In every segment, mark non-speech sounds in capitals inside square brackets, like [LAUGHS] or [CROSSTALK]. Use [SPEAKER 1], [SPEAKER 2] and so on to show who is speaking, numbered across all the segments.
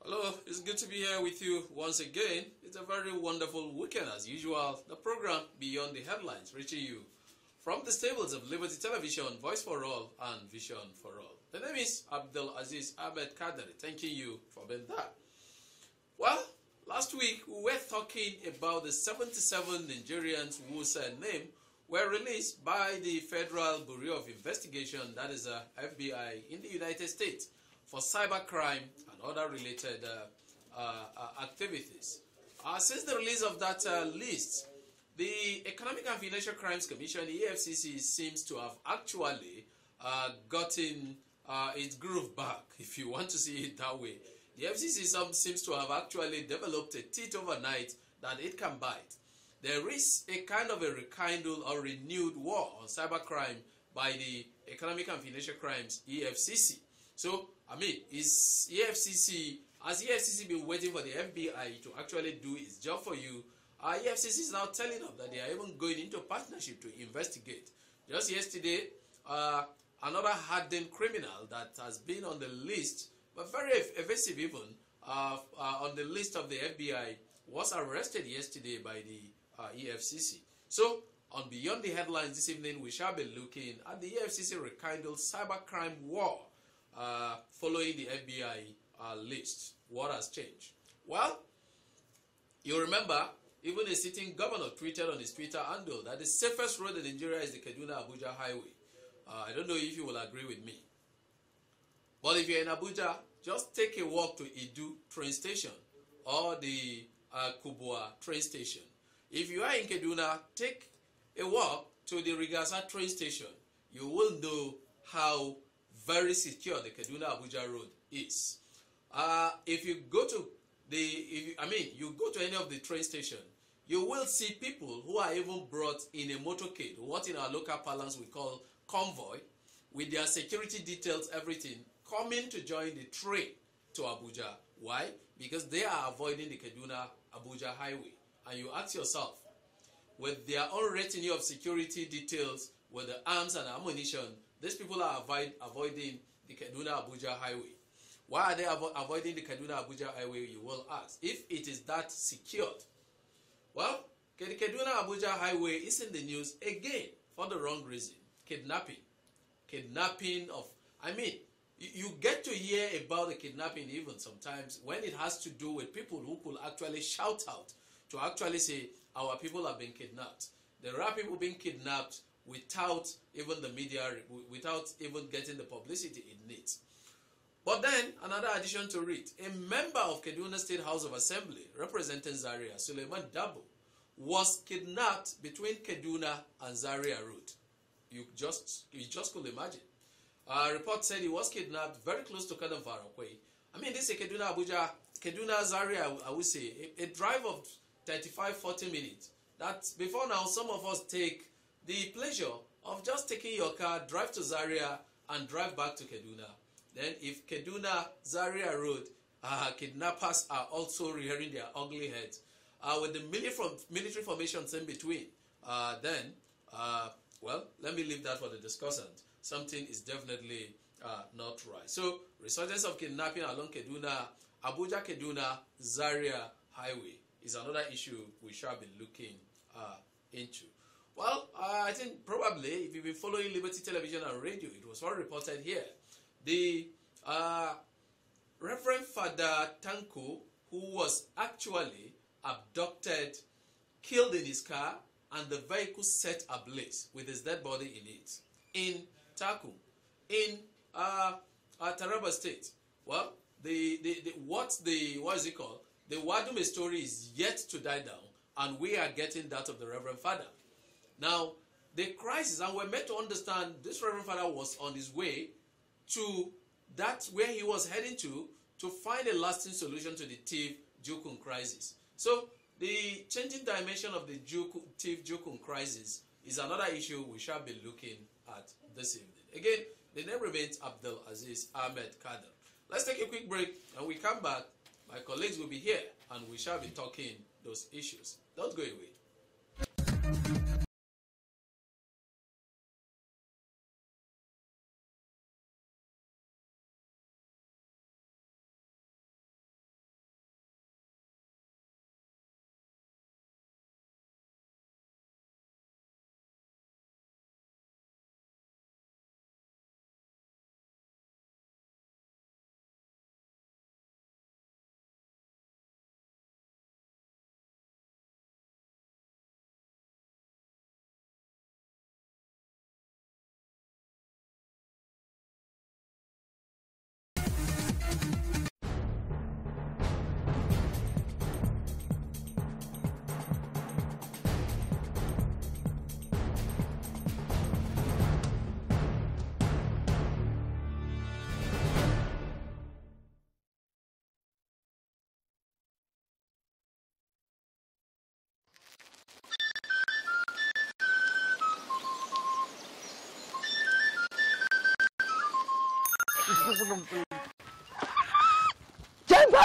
[SPEAKER 1] Hello, it's good to be here with you once again. It's a very wonderful weekend as usual. The program Beyond the Headlines reaching you from the stables of Liberty Television, Voice for All and Vision for All. The name is Abdul Aziz Ahmed Kadari. Thanking you for being there. Well, last week we were talking about the 77 Nigerians whose uh, name were released by the Federal Bureau of Investigation, that is a uh, FBI, in the United States for cybercrime and other related uh, uh, uh activities. since the release of that list, the Economic and Financial Crimes Commission, EFCC, seems to have actually gotten its groove back, [LAUGHS] if you want to see it that way. The FCC seems to have actually developed a teeth overnight that it can bite. There is a kind of a rekindle or renewed war on cybercrime by the Economic and Financial Crimes EFCC. So, I mean, is EFCC has EFCC been waiting for the FBI to actually do its job for you? Uh, EFCC is now telling us that they are even going into partnership to investigate. Just yesterday, uh, another hardened criminal that has been on the list but very evasive even, uh, uh, on the list of the FBI was arrested yesterday by the uh, EFCC. So, on Beyond the Headlines this evening, we shall be looking at the EFCC rekindled cybercrime war uh, following the FBI uh, list. What has changed? Well, you remember, even the sitting governor tweeted on his Twitter handle that the safest road in Nigeria is the Kaduna-Abuja highway. Uh, I don't know if you will agree with me. But if you're in Abuja, just take a walk to Idu train station or the uh, Kubwa train station. If you are in Kaduna, take a walk to the Rigasa train station. You will know how very secure the Kaduna Abuja road is. Uh, if you go to the, you, I mean, you go to any of the train station, you will see people who are even brought in a motorcade, what in our local parlance we call convoy, with their security details, everything, coming to join the train to Abuja. Why? Because they are avoiding the Kaduna Abuja highway. And you ask yourself, with their own retinue of security details, with the arms and ammunition, these people are avoid, avoiding the Kaduna Abuja highway. Why are they avo avoiding the Kaduna Abuja highway, you will ask, if it is that secured? Well, the Kaduna Abuja highway is in the news again for the wrong reason kidnapping. Kidnapping of, I mean, you get to hear about the kidnapping even sometimes when it has to do with people who could actually shout out to actually say our people have been kidnapped. There are people being kidnapped without even the media, without even getting the publicity it needs. But then, another addition to read: a member of Kaduna State House of Assembly representing Zaria, Suleiman Dabo, was kidnapped between Kaduna and Zaria Road. You just, you just could imagine. Uh, report said he was kidnapped very close to Kadamvarakwe. I mean, this is Kaduna Abuja, Kaduna Zaria, I would say, a, a drive of 35 40 minutes. That before now, some of us take the pleasure of just taking your car, drive to Zaria, and drive back to Kaduna. Then, if Kaduna Zaria Road, uh, kidnappers are also rearing their ugly heads. Uh, with the military, military formations in between, uh, then, uh, well, let me leave that for the discussant something is definitely uh, not right. So, resurgence of kidnapping along Keduna, Abuja Keduna, Zaria Highway is another issue we shall be looking uh, into. Well, uh, I think probably if you've been following Liberty Television and Radio, it was all reported here. The uh, Reverend Father Tanko, who was actually abducted, killed in his car, and the vehicle set ablaze with his dead body in it in in uh, uh, Taraba State. Well, the, the, the, what the what is it called? The Wadume story is yet to die down, and we are getting that of the Reverend Father. Now, the crisis, and we're meant to understand this Reverend Father was on his way to that where he was heading to to find a lasting solution to the Tiv Jukun crisis. So, the changing dimension of the Tiv Jukun crisis is another issue we shall be looking at this evening. Again, the name remains Abdul Aziz Ahmed Kader. Let's take a quick break and we come back. My colleagues will be here and we shall be talking those issues. Don't go
[SPEAKER 2] away.
[SPEAKER 3] Jemba,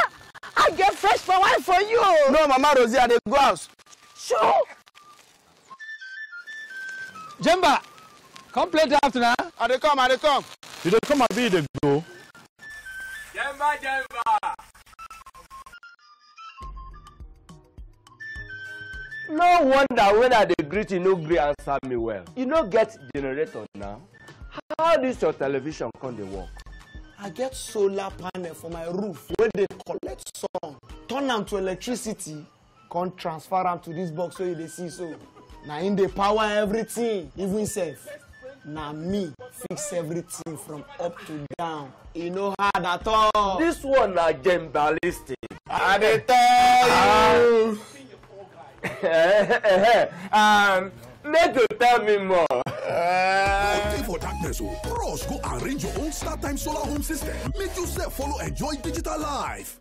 [SPEAKER 3] I get fresh for wine for you. No, Mama Rosie, I dey go house.
[SPEAKER 1] Sure. Jemba, come play draft now. I dey come, I dey come. You dey come abi be dey go? Jemba, Jemba.
[SPEAKER 2] No wonder when I dey greet you no greet answer me well. You no get generator now. How dis your television come dey work?
[SPEAKER 3] I get solar panel for my roof wey dey collect sun, turn am to electricity, come transfer am to this box wey you dey see so. Na im dey power everything, even sef. Na me fix everything from up to down. E no hard at all. Dis one
[SPEAKER 1] na gembalistic. I dey tell you. Ah. [LAUGHS] Eh, eh, eh. um, make you tell me more for darkness o rush go arrange your own startime solar home system make yourself follow enjoy digital
[SPEAKER 2] life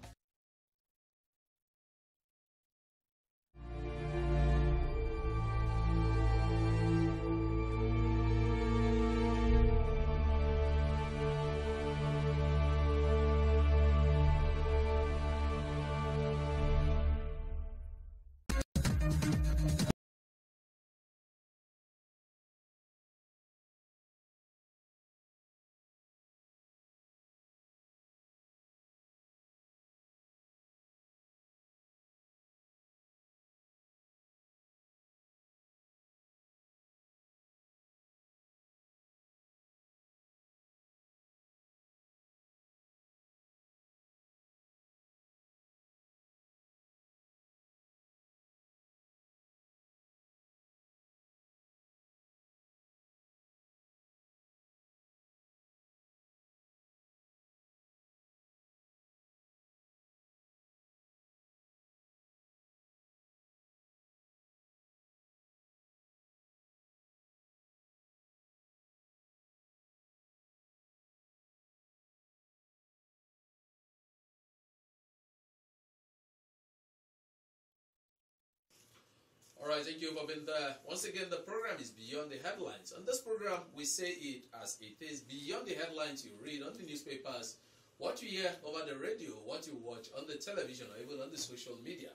[SPEAKER 1] Alright, thank you for being there. Once again, the program is Beyond the Headlines. On this program, we say it as it is. Beyond the headlines you read on the newspapers, what you hear over the radio, what you watch on the television, or even on the social media.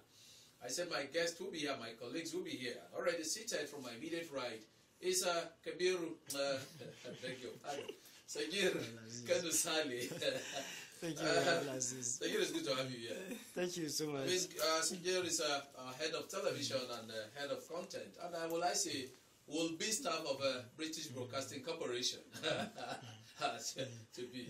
[SPEAKER 1] I said my guests will be here, my colleagues will be here. Already seated from my immediate right is uh, Kabiru, uh, [LAUGHS] thank you, Sagir Kanusali. [LAUGHS] Thank you, uh, [LAUGHS] Thank you. It's good to have you here. Thank you so much. Miss uh, Sigel is a, head of television and uh, head of content, and I uh, will I say will be staff of a British Broadcasting Corporation [LAUGHS] to be.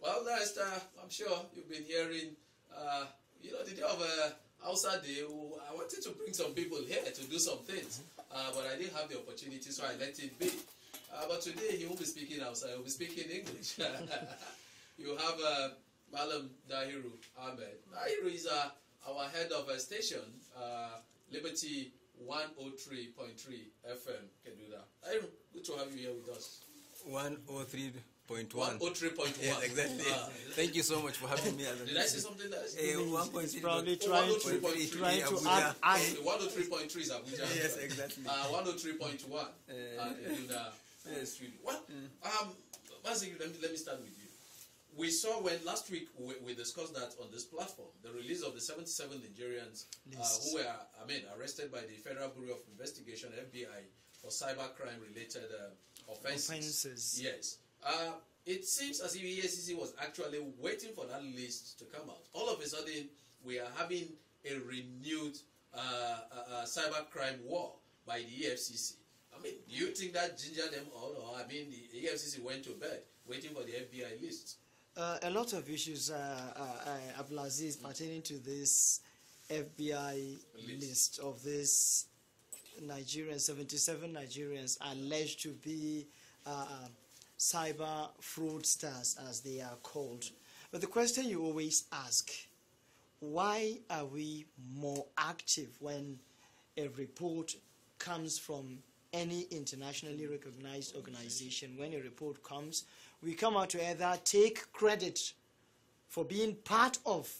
[SPEAKER 1] Well, last uh, I'm sure you've been hearing. Uh, you know, the day of uh, outside day, I wanted to bring some people here to do some things, uh, but I didn't have the opportunity, so I let it be. Uh, but today he will be speaking outside. He will be speaking English. [LAUGHS] you have. Uh, Malam Dahiru Ahmed. Dahiru is uh, our head of a station, uh, Liberty 103.3 FM. Can do that. Dahiru, good to have you here with us.
[SPEAKER 2] 103.1. 103.1. exactly. Uh, Thank you so much for having me. Did I say something that's uh, eh, Probably trying, oh, to, trying to add, add. 103.3 is Abuja. yes, exactly. Uh, ah,
[SPEAKER 1] 103.1. Uh, eh. uh, ah, yes. um, let me, let me start with you we saw when last week we, we, discussed that on this platform the release of the 77 Nigerians uh, who were I mean arrested by the Federal Bureau of Investigation (FBI) for cybercrime related uh, offenses. offenses. Yes. Uh, it seems as if EACC was actually waiting for that list to come out. All of a sudden, we are having a renewed uh, uh, uh, cybercrime war by the EFCC. I mean, do you think that ginger them all, or I mean, the EFCC went to bed waiting for the FBI list?
[SPEAKER 3] Uh, a lot of issues, uh, uh, uh Abdulaziz, mm. pertaining to this FBI list. of these Nigerians, 77 Nigerians alleged to be uh, cyber fraudsters, as they are called. But the question you always ask why are we more active when a report comes from any internationally recognized organization? When a report comes we come out together, take credit for being part of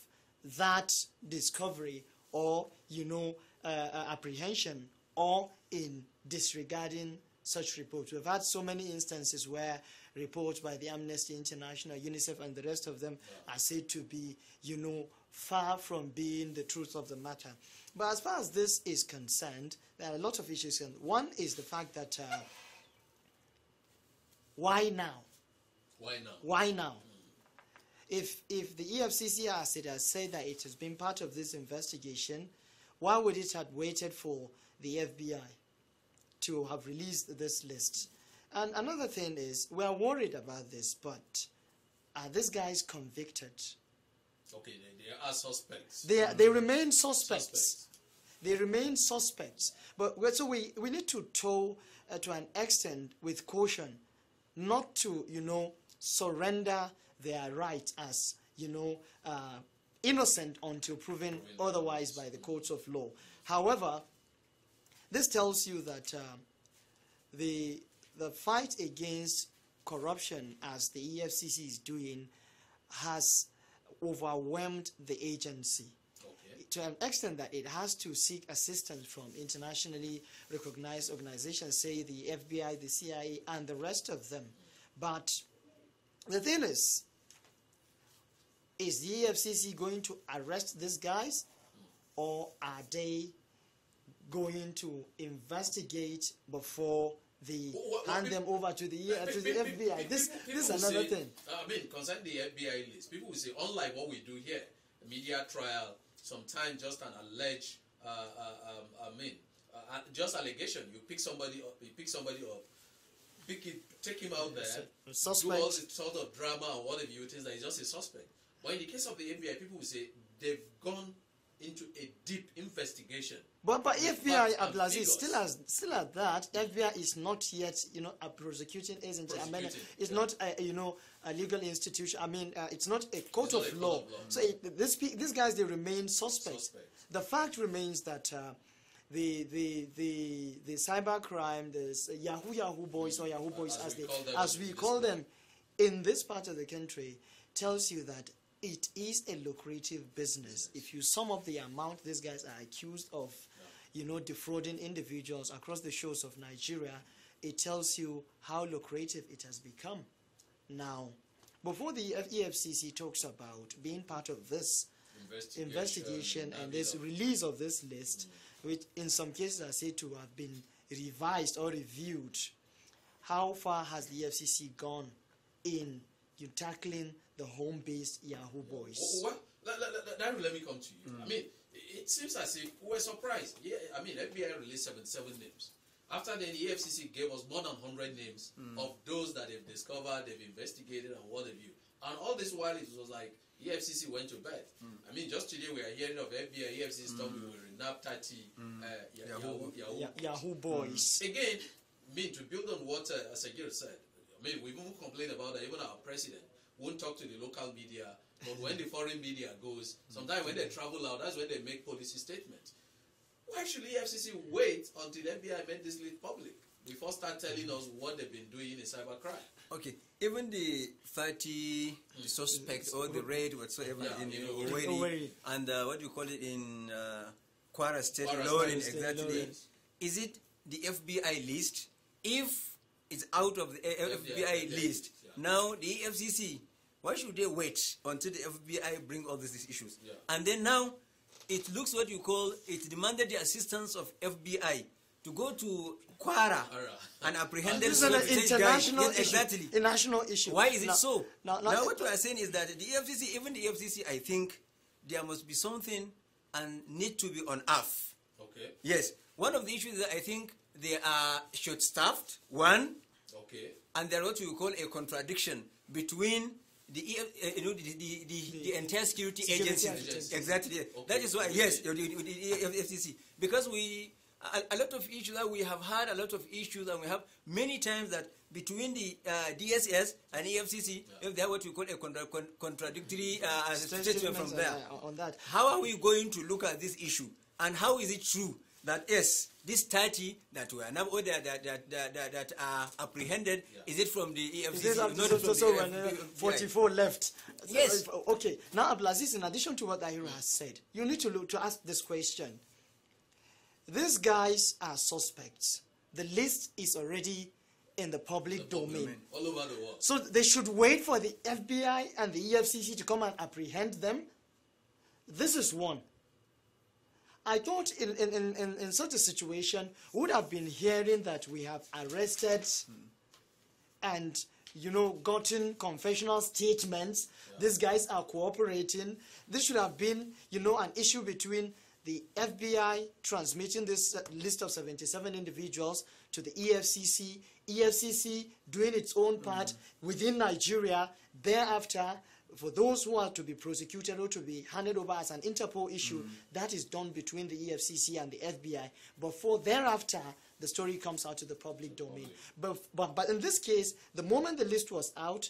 [SPEAKER 3] that discovery or, you know, uh, uh, apprehension or in disregarding such reports. We've had so many instances where reports by the Amnesty International, UNICEF, and the rest of them are said to be, you know, far from being the truth of the matter. But as far as this is concerned, there are a lot of issues. One is the fact that uh, why now? Why now? Why now? If, if the EFCC as it has said that it has been part of this investigation, why would it have waited for the FBI to have released this list? And another thing is, we are worried about this, but are these guys convicted?
[SPEAKER 1] Okay, they, they are suspects.
[SPEAKER 3] They, are, they remain suspects. suspects. They remain suspects. But so we, we need to tow uh, to an extent with caution, not to, you know, surrender their right as, you know, uh, innocent until proven otherwise by the courts of law. However, this tells you that uh, the, the fight against corruption, as the EFCC is doing, has overwhelmed the agency to an extent that it has to seek assistance from internationally recognized organizations, say the FBI, the CIA, and the rest of them. But the thing is, is the EFCC going to arrest these guys or are they going to investigate before they well, well, hand them over to the uh, to the FBI? People, this this is another say, thing.
[SPEAKER 1] Uh, I mean, concerning the FBI list, people will say, unlike what we do here, a media trial, sometimes just an alleged, uh, uh, um, I mean, uh, just allegation. You pick somebody up, you pick somebody up, pick it, take him out there, do all the sort of drama and whatever you think that he's just a suspect. But in the case of the FBI, people will say they've gone into a deep investigation. But but FBI Abdulaziz still as
[SPEAKER 3] still at that FBI is not yet you know a prosecuting agent. I mean it's yeah. not a, you know a legal institution. I mean uh, it's not a court, of, law. A court of law. So it, this, these guys they remain suspects. Suspect. The fact remains that. Uh, the the the the cyber crime, the Yahoo Yahoo boys or Yahoo boys as, as we they call them, as we call them in this part of the country, tells you that it is a lucrative business. If you sum up the amount these guys are accused of, you know, defrauding individuals across the shores of Nigeria, it tells you how lucrative it has become. Now, before the EFCC talks about being part of this
[SPEAKER 1] investigation, investigation and this
[SPEAKER 3] release of this list. Mm -hmm which in some cases are said to have been revised or reviewed. How far has the FCC gone in you tackling the home-based Yahoo boys? What?
[SPEAKER 1] Let, let me come to you. Mm. I mean, it seems as if we are surprised. Yeah, I mean, FBI released 77 names. After then, the EFCC gave us more than 100 names mm. of those that they've discovered, they've investigated, and what have you. And all this while, it was like EFCC went to bed. Mm. I mean, just today we are hearing of FBI, EFCC hmm. storm, we will renap 30 hmm. uh, Yahoo, Yahoo,
[SPEAKER 3] Yahoo, boys.
[SPEAKER 1] Hmm. Again, I mean, to build on what uh, Asagir said, I mean, we even complain about that, even our president won't talk to the local media, but when the foreign media goes, sometimes when they travel out, that's when they make policy statements. Why should EFCC wait until FBI made this leak public before start telling us what they've been doing in cybercrime?
[SPEAKER 2] Okay, even the 30 the suspects or the raid whatsoever yeah, in, Owerri and uh, what do you call it in uh, Kwara State, Kwara exactly. Lawrence. Is it the FBI list? If it's out of the FBI, FBI list, yeah. now the FCC, why should they wait until the FBI bring all these issues? Yeah. And then now it looks what you call, it demanded the assistance of FBI to go to Kwara and apprehended this an international yes, issue. A national issue. Why is it now, so? Now, now, now what we are saying is that the EFCC, even the EFCC, I think there must be something and need to be on earth. Okay. Yes. One of the issues that I think they are short-staffed. One. Okay. And there are what we call a contradiction between the, uh, you know, the, the, the, the, entire security, security agency. agency. Exactly. Okay. That is why, yes, the, the, the FCC. Because we a, a, lot of issues that we have had, a lot of issues, and we have many times that between the uh, DSS and EFCC, yeah. if they are what we call a contra con contradictory uh, statement from there. On, that. How are we going to look at this issue? And how is it true that, yes, this 30 that were now or that, that, that, that, are apprehended, yeah. is it from the EFCC? Is not so, so, uh, 44
[SPEAKER 3] left. Yes. So, uh, okay. Now, Abdulaziz, in addition to what Aira has said, you need to look to ask this question these guys are suspects. The list is already in the public the domain. domain.
[SPEAKER 1] All over the
[SPEAKER 2] world.
[SPEAKER 3] So they should wait for the FBI and the EFCC to come and apprehend them. This is one. I thought in, in, in, in such a situation, would have been hearing that we have arrested hmm. and you know, gotten confessional statements. Yeah. These guys are cooperating. This should have been, you know, an issue between the FBI transmitting this uh, list of 77 individuals to the EFCC, EFCC doing its own part mm-hmm. within Nigeria. Thereafter, for those who are to be prosecuted or to be handed over as an Interpol issue, mm-hmm. that is done between the EFCC and the FBI. But for thereafter, the story comes out to the public domain. But, but, but in this case, the moment the list was out,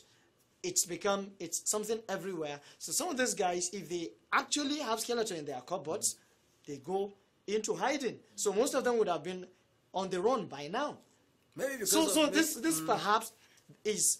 [SPEAKER 3] it's become it's something everywhere. So some of these guys, if they actually have skeleton in their cupboards, mm-hmm they go into hiding. So most of them would have been on the run by now. Maybe because so, so this, this mm. perhaps is,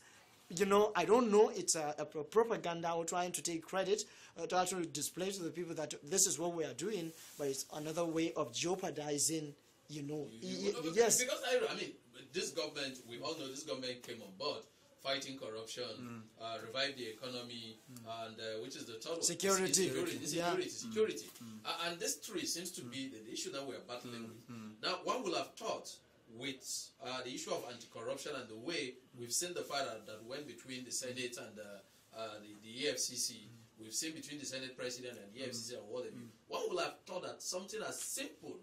[SPEAKER 3] you know, I don't know, it's a, a propaganda or trying to take credit, uh, to actually display to the people that this is what we are doing, but it's another way of jeopardizing, you know. You, you, no, yes. Because I, I
[SPEAKER 1] mean, this government, we all know this government came on board fighting corruption, mm. Uh, revive the economy, mm. and uh, which is the total security, security, security, mm. security. Mm. and this three seems to be the issue that we are battling with. Now, one will have thought with uh, the issue of anti-corruption and the way we've seen the fight that went between the Senate and uh, the, the, EFCC, mm. we've seen between the Senate President and the EFCC mm. and what have one would have thought that something as simple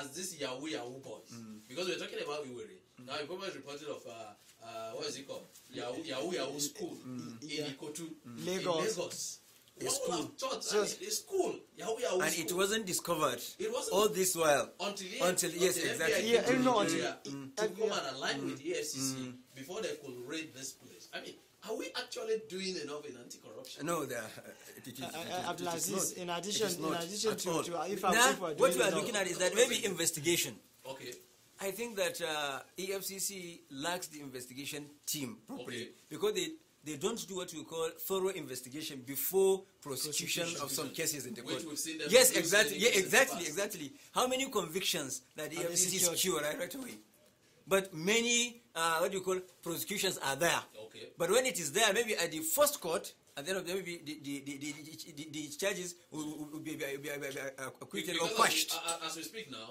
[SPEAKER 1] as this Yahoo Yahoo boys, mm. because we're talking about Iwere. Now, Iboma is reported of uh, uh, what is it called? Yahoo Yahoo, Yahoo School
[SPEAKER 2] mm. in yeah. Ikotu, Lagos. In Lagos.
[SPEAKER 1] It's cool. Thought, so, I it's cool.
[SPEAKER 2] Yahoo, Yahoo, and school. it wasn't discovered it wasn't all this while until, until, until yes, until exactly. Yeah, no, until, yeah,
[SPEAKER 1] mm, to come and align mm, with EFCC mm. before they could raid this place. I mean, are we actually doing enough in anti-corruption? No, there. It, it, uh, In addition, it is uh, uh, uh, not in
[SPEAKER 2] addition to, to if I'm what we are looking at is that maybe investigation. Okay. I think that uh, EFCC lacks the investigation team properly okay. because they, they don't do what we call thorough investigation before prosecution, prosecution of some cases in the court. yes, exactly. Yeah, exactly, exactly. How many convictions that the EFCC is cured right, right away? But many, uh, what do you call, prosecutions are there. Okay. But when it is there, maybe at the first court, at the end of the day, maybe the, the, the, the, the, the charges will, will be, be, be, be acquitted because or quashed.
[SPEAKER 1] As we speak now,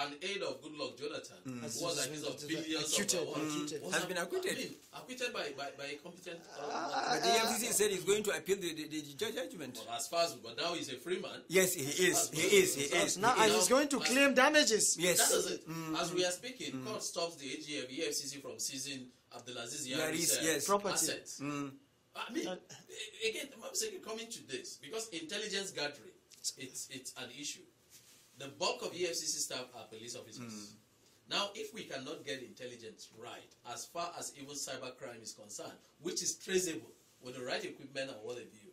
[SPEAKER 1] an aide of Goodluck
[SPEAKER 2] Jonathan, mm. who was accused of billions acquitted, of mm. acquitted. Was has been acquitted. I
[SPEAKER 1] mean, acquitted by, by, by a competent. Uh, uh, the FCC
[SPEAKER 2] uh, said he's going to appeal the, the, the judgment. Well, as far as, but now he's a free man. Yes, he is. He is. He is. He is. Now, and he's going
[SPEAKER 3] to claim damages. Yes. That is it.
[SPEAKER 1] Mm. As we are speaking, mm. court stops the AGF, EFCC from seizing Abdelaziz Yari's yes. property. assets. Mm. I mean, uh, again, I'm saying coming to this because intelligence gathering, it's it's an issue the bulk of EFCC staff are police officers. Mm. Now, if we cannot get intelligence right, as far as even cybercrime is concerned, which is traceable with the right equipment and what have you,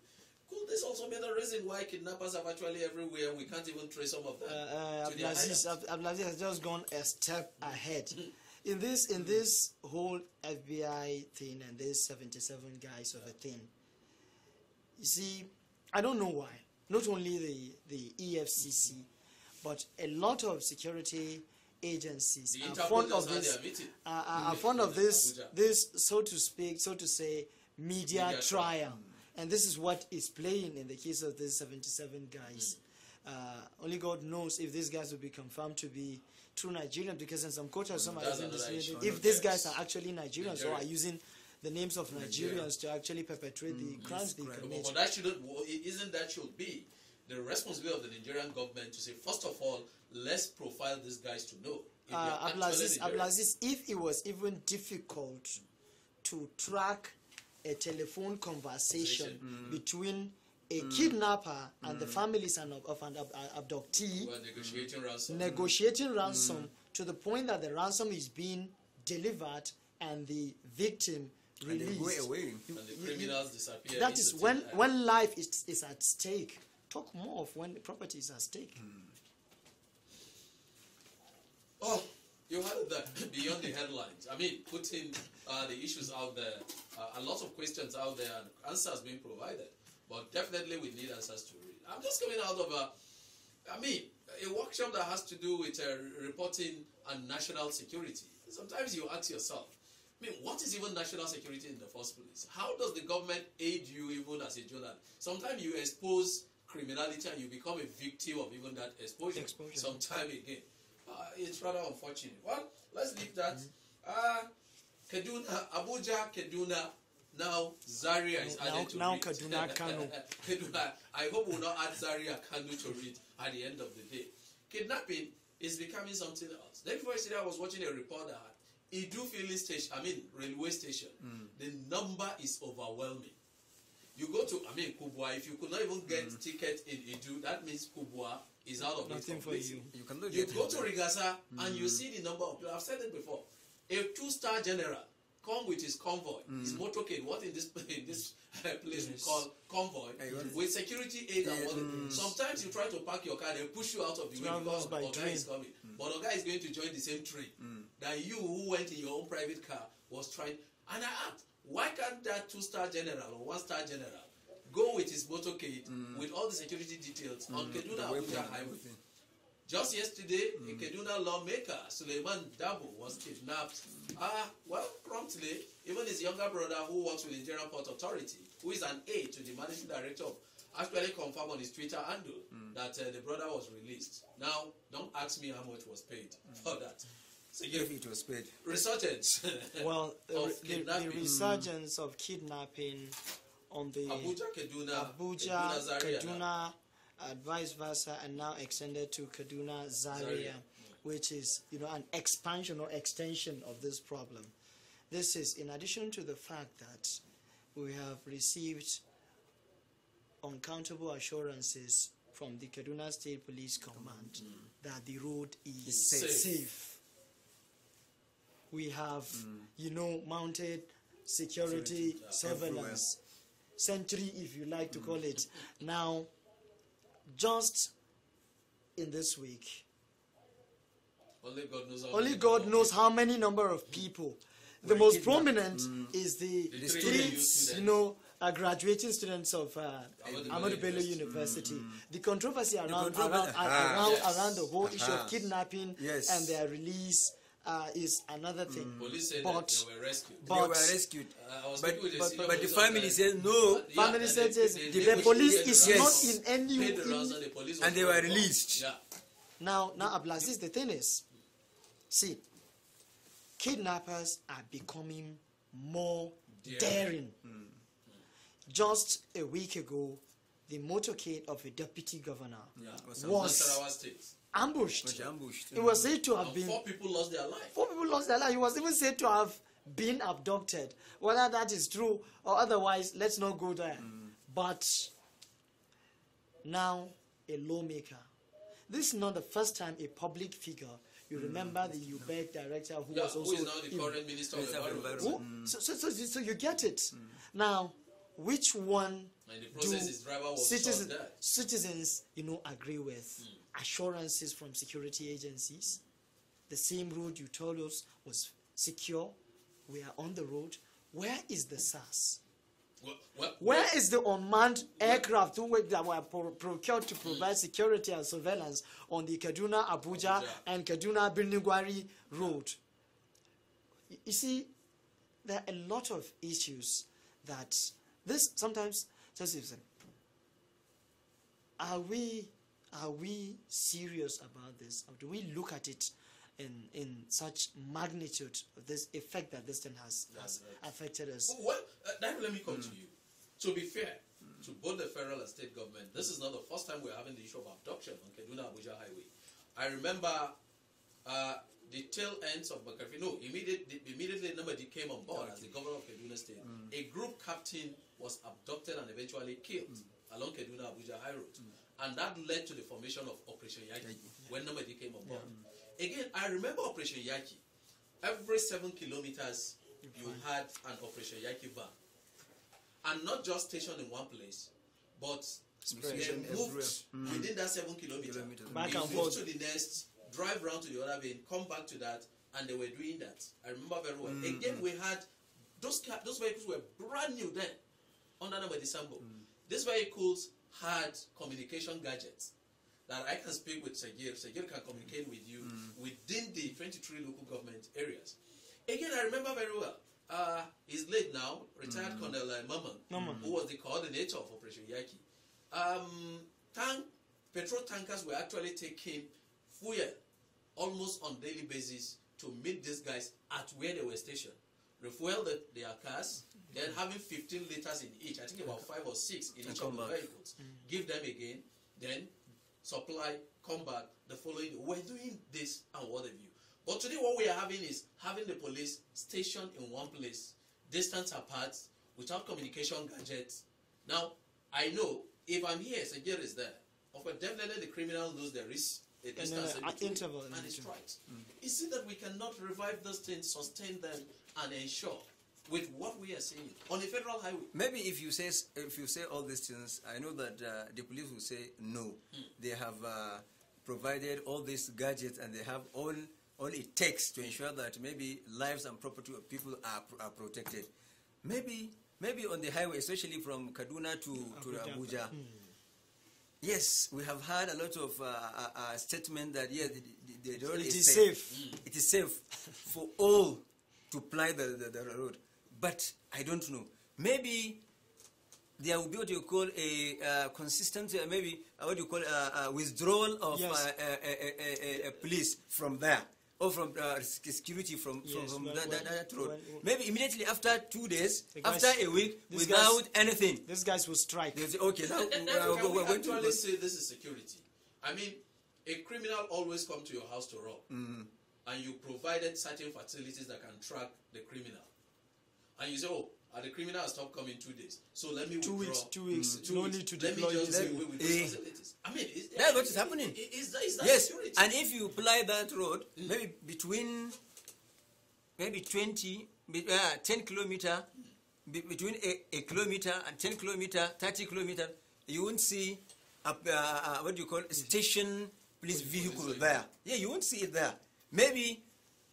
[SPEAKER 1] could this also be the reason why kidnappers are virtually everywhere? We can't even trace some of them. Uh, uh,
[SPEAKER 3] Abdulaziz, has just gone a step hmm. ahead. Hmm. in this, in this whole FBI thing and this 77 guys of a thing, you see, I don't know why. Not only the, the EFCC but a lot of security agencies are fond of this, are, are fond of this, this, so to speak, so to say, media, media trial. trial. And this is what is playing in the case of these 77 guys. Mm. Uh, only God knows if these guys will be confirmed to be true Nigerians because in some quarters, some are using this, if yes. these guys are actually Nigerians Nigeria. or are using the names of Nigerians Nigeria. to actually perpetrate mm. the crimes they commit. But that
[SPEAKER 1] shouldn't, isn't that should be the responsibility of the Nigerian government to say, first of all, let's profile these guys to know. If uh, Ablaziz,
[SPEAKER 3] if it was even difficult to track a telephone conversation mm. between a mm. kidnapper and mm. the families and of, of an ab abductee
[SPEAKER 1] negotiating ransom, negotiating
[SPEAKER 3] mm. ransom to the point that the ransom is being delivered and the victim released. And they go away. and the criminals
[SPEAKER 1] disappear. That is when, when
[SPEAKER 3] life is, is at stake talk more of when the property is at stake.
[SPEAKER 1] Mm. Oh, you heard that beyond the headlines. I mean, putting uh, the issues out there, uh, a lot of questions out there, and answers being provided. But definitely, we need answers to read. I'm just coming out of a, I mean, a workshop that has to do with uh, reporting and national security. Sometimes you ask yourself, I mean, what is even national security in the first place? How does the government aid you even as a journalist? Sometimes you expose criminality and you become a victim of even that exposure, exposure. sometime again. Uh, it's rather unfortunate. Well, let's leave that. Uh, Kaduna, Abuja, Kaduna, now Zaria is added now, to now read. Kaduna [LAUGHS] Kano. Kaduna, I hope we'll not add Zaria Kano to read at the end of the day. Kidnapping is becoming something else. Then before yesterday, I was watching a report that Idu filling station, I mean railway station, mm. the number is overwhelming. You go to, I mean, Kubwa, if you could not even get mm. ticket in Idu, that means Kubwa is out of Nothing for you. You, can you go to Rigasa mm. and you mm. see the number of people. I've said it before. A two-star general come with his convoy, mm. his motorcade, what in this [LAUGHS] in this uh, place yes. we call convoy, hey, with security aid yeah, and what. Mm. Sometimes you try to park your car, they push you out of the way because by Oga train. is coming. Mm. But Oga is going to join the same train mm. that you who went in your own private car was trying. And I asked, why can't that two-star general or one-star general go with his motorcade mm. with all the security details mm. on Kaduna Abuja Highway? Just yesterday, mm. a Kaduna lawmaker, Suleiman Dabo, was kidnapped. Ah, uh, well, promptly, even his younger brother, who works with the General Port Authority, who is an aide to the managing director actually confirmed on his Twitter handle mm. that uh, the brother was released. Now, don't ask me how much was paid mm. for that. So if it was paid. Resurgence. [LAUGHS] well, [LAUGHS] the, the, the, resurgence
[SPEAKER 3] mm. of kidnapping on the Abuja, Kaduna, Abuja, Kaduna, and uh, vice versa, and now extended to Kaduna, Zaria, Zaria, which is you know an expansion or extension of this problem. This is in addition to the fact that we have received uncountable assurances from the Kaduna State Police Command mm. that the road is, is safe. safe we have, mm. you know, mounted security, security surveillance, everywhere. if you like to mm. call it. Now, just in this week,
[SPEAKER 1] only God knows how, many, God
[SPEAKER 3] knows how many number of people. Mm. The most kidnapped. prominent mm.
[SPEAKER 1] is the, the
[SPEAKER 3] streets, you know, uh, graduating students of uh, Ahmadu Bello University. Mm, mm. The controversy around the around, uh around, yes. around, the whole uh -huh. issue of kidnapping yes. and their release uh, is another thing. Mm. Police said but, that they were rescued. But, they were rescued. Uh, but,
[SPEAKER 2] but, but, but the family said no. Yeah, family said yes. The, the police is yes. not in any way.
[SPEAKER 3] The
[SPEAKER 1] and they were
[SPEAKER 2] released. Yeah.
[SPEAKER 3] Now, now, Ablaziz, the thing is, see, kidnappers are becoming more daring. daring. Mm. Just a week ago, the motorcade of a deputy governor
[SPEAKER 1] yeah.
[SPEAKER 2] was, was ambushed. ambushed. He was
[SPEAKER 3] said to have been. Four
[SPEAKER 1] people lost their life.
[SPEAKER 3] Four people lost their life. He was even said to have been abducted. Whether that is true or otherwise, let's not go there. Mm. But now, a lawmaker. This is not the first time a public figure. You mm. remember the UBEC director who yeah, was also. Who is now the current minister of environment. Mm. So, so, so, so, you get it. Mm. Now, which one do citizens, citizens, you know, agree with? Mm assurances from security agencies. The same road you told us was secure. We are on the road. Where is the SAS?
[SPEAKER 1] What, what, Where what? is the
[SPEAKER 3] unmanned aircraft that were procured to provide hmm. security and surveillance on the Kaduna Abuja yeah. and Kaduna Birnigwari road? You see, there are a lot of issues that this sometimes says, are we are we serious about this? do we look at it in in such magnitude, this effect that this thing has, has right. affected us? Oh, well,
[SPEAKER 1] uh, let me come mm. to you. To be fair, mm. to both the federal and state government, this is not the first time we're having the issue of abduction on Kaduna Abuja Highway. I remember uh, the tail ends of Bakafi, no, immediately, immediately Namadi came on board okay. as the governor of Kaduna State. Mm. A group captain was abducted and eventually killed mm. along Kaduna Abuja High Road. Mm. And that led to the formation of Operation Yaki yeah. when nobody came on Yeah. Again, I remember Operation Yaki. Every seven kilometers, you had an Operation Yaki van. And not just stationed in one place, but they moved mm. within that seven kilometers. Kilometer. Back to the next, drive round to the other van, come back to that, and they were doing that. I remember very well. Mm. Again, mm. we had those those vehicles were brand new then under number December. Mm. These vehicles had communication gadgets that I can speak with Segir. Segir can communicate with you mm. within the 23 local government areas. Again, I remember very well. Uh, he's late now, retired mm. Colonel uh, Maman, mm. who was the coordinator of Operation Yaki. Um, tank, petrol tankers were actually taking fuel almost on daily basis to meet these guys at where they were stationed refuel the, their cars, then having 15 liters in each, I think about five or six in each of the vehicles, give them again, then supply, come back the following day. We're doing this and what have you. But today what we are having is having the police stationed in one place, distance apart, without communication gadgets. Now, I know if I'm here, Sajir is there. Of course, definitely the criminal knows there is a distance and, uh, in interval and it strikes. Mm. Is it that we cannot revive those things, sustain them, and ensure with what we are seeing
[SPEAKER 2] on the federal highway. Maybe if you say if you say all these things, I know that uh, the police will say no. Hmm. They have uh, provided all these gadgets and they have all all it takes to ensure that maybe lives and property of people are, are protected. Maybe maybe on the highway, especially from Kaduna to Abuja. to Abuja. Hmm. Yes, we have had a lot of uh, uh, statement that yeah, they, they, they it is safe. safe. Mm. It is safe for all to ply the, the, the road. But I don't know. Maybe there will be what you call a uh, consistent, uh, maybe uh, what you call a, uh, a uh, withdrawal of yes. Uh, a, a, police from there or from security from, yes, from, from that, that, road. maybe immediately after two days, guys, after a week, without anything. These guys will strike. okay, now we We actually say this
[SPEAKER 1] is security. I mean, a criminal always come to your house to rob. Mm and you provided certain facilities that can track the criminal. And you say, oh, the criminal has stopped coming two days.
[SPEAKER 2] So let me two withdraw. weeks, two weeks, mm, two no weeks. need to let deploy. Me just with eh. facilities. I mean, is, that's what is happening. Is, is that yes, security? and if you apply that road, mm. maybe between maybe twenty, uh, ten kilometer, mm. between a, a, kilometer and ten kilometer, thirty kilometer, you won't see a, uh, uh what do you call a station police vehicle there. Yeah, you won't see it there. Maybe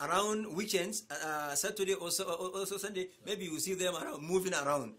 [SPEAKER 2] around weekends, uh, uh Saturday or so, also Sunday, maybe you see them around, moving around.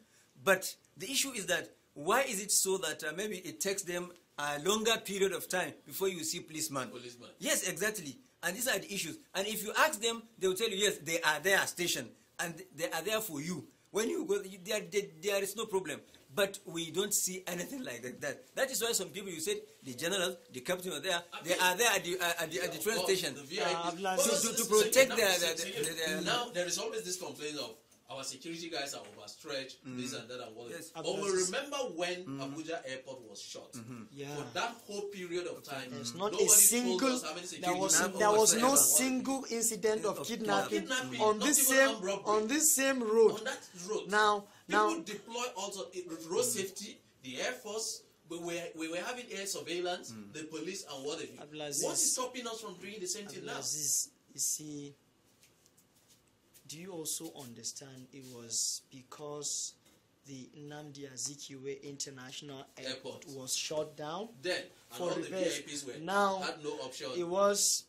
[SPEAKER 2] But the issue is that why is it so that uh, maybe it takes them a longer period of time before you see policeman? Policeman. Yes, exactly. And these are the issues. And if you ask them, they will tell you, yes, they are there stationed and they are there for you. When you go, there, there, there is no problem. But we don't see anything like that. That, that is why some people, you said, the generals, the captain are there. I they mean, are there at the, uh, at the, yeah, at the train well, station. The VIP, uh, ah, to, to, protect their, their, their, their, Now,
[SPEAKER 1] there is always this complaint of our security guys are overstretched, mm. this and that and what. Yes, but we remember when mm. Abuja Airport was shut.
[SPEAKER 2] Mm-hmm. Yeah. For
[SPEAKER 1] that whole period of time, there's not a single. There was, there was no single
[SPEAKER 3] incident of, of kidnapping, kidnapping on this same on this same road. On that road. Now, people now
[SPEAKER 1] deploy also road mm. safety, the air force. We were, we were having air surveillance, mm. the police, and what have you. What is stopping us from doing the same thing now? You
[SPEAKER 3] see, do you also understand it was because the Namdi Azikiwe International Airport, Airport, was shut down? Then,
[SPEAKER 1] for the VIPs were, now, no It
[SPEAKER 3] was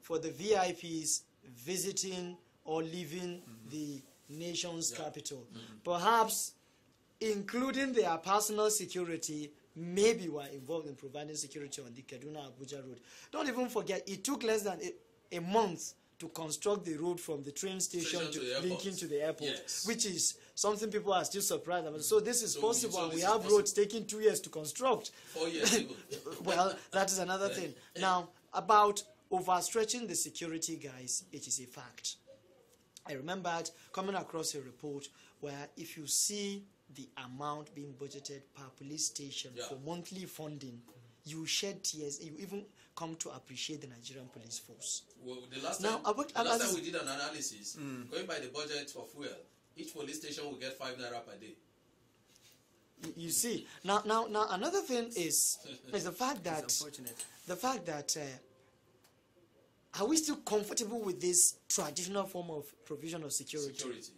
[SPEAKER 3] for the VIPs visiting or leaving mm -hmm. the nation's yeah. capital. Mm -hmm. Perhaps including their personal security maybe were involved in providing security on the Kaduna Abuja road. Don't even forget, it took less than a, a month to construct the road from the train station, to, to linking to the airport, yes. which is something people are still surprised about. So
[SPEAKER 1] this is so possible. So this we have possible. roads
[SPEAKER 3] taking two years to construct.
[SPEAKER 1] Four years.
[SPEAKER 2] [LAUGHS] well,
[SPEAKER 3] that is another thing. Now, about overstretching the security guys, it is a fact. I remembered coming across a report where if you see the amount being budgeted per police station yeah. for monthly funding, you shed tears. You even come to appreciate the Nigerian police force.
[SPEAKER 1] Well, the last, now, time, about, the last time we did an analysis, mm. going by the budget for fuel, each police station will get five naira per day.
[SPEAKER 3] You see, now, now, now, another thing is [LAUGHS] is the fact that the fact that uh, are we still comfortable with this traditional form of provision of security? security.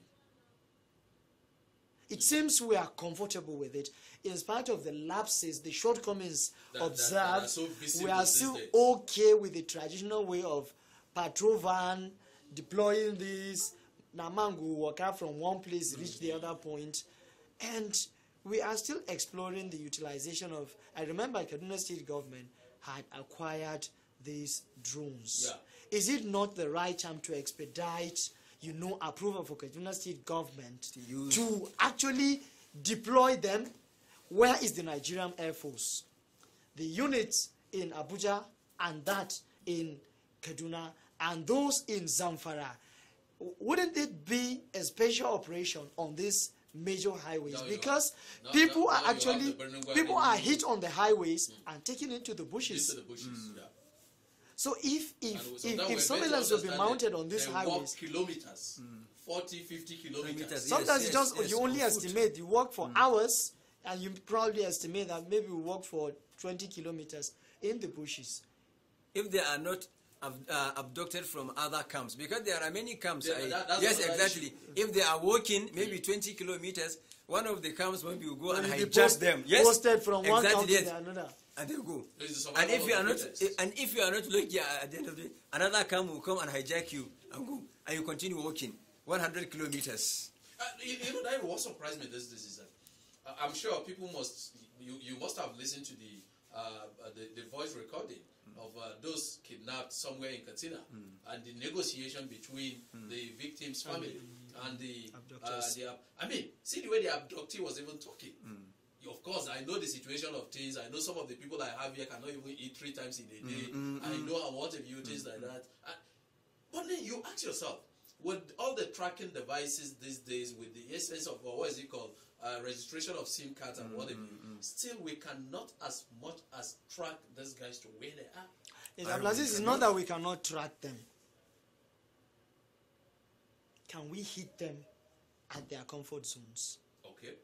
[SPEAKER 3] It seems we are comfortable with it. In spite of the lapses, the shortcomings that, observed, that, that so we are still okay with the traditional way of patrol van, deploying this. Namangu walk out from one place, reach the other point, and we are still exploring the utilization of. I remember Kaduna State government had acquired these drones. Yeah. Is it not the right time to expedite you know, approval for Kaduna State government to, to actually deploy them. Where is the Nigerian Air Force? The units in Abuja and that in Kaduna and those in Zamfara. Wouldn't it be a special operation on these major highways? No, because no, people no, are actually people are hit on the highways mm. and taken
[SPEAKER 1] into the bushes. Into the bushes. Mm. Yeah. So if if if, if somebody else will be mounted on these highways, kilometers, mm. 40, 50 kilometers. Sometimes yes, you just yes, you only
[SPEAKER 3] estimate you walk for mm. hours, and you probably estimate that maybe you walk for 20 kilometers
[SPEAKER 2] in the bushes. If they are not uh, abducted from other camps because there are many camps. Yeah, I, that, yes, exactly. If they are walking maybe 20 kilometers, one of the camps maybe will go and, and hijack them. Yes, posted from exactly, one camp yes. to another and they go. Eh, and if you are not, and if you are not lucky at the end of the day, another cam will come and hijack you and go, and you continue walking 100 kilometers.
[SPEAKER 1] Uh, you, you, know that what surprised me this this season. Uh, I'm sure people must you you must have listened to the uh, uh the, the, voice recording mm. of uh, those kidnapped somewhere in Katina mm. and the negotiation between mm. the victim's family and the, and the, uh, the I mean, see the way the abductee was even talking. Mm of course, I know the situation of things. I know some of the people I have here cannot even eat three times in a day. Mm-hmm. I mm. know mm, I want of you, things mm-hmm. like that. but then you ask yourself, with all the tracking devices these days, with the essence of what is it called, uh, registration of SIM cards and mm-hmm. still we cannot as much as track these guys to where they are. Yes, it's not that
[SPEAKER 3] we cannot track them. Can we hit them at their comfort zones? Okay.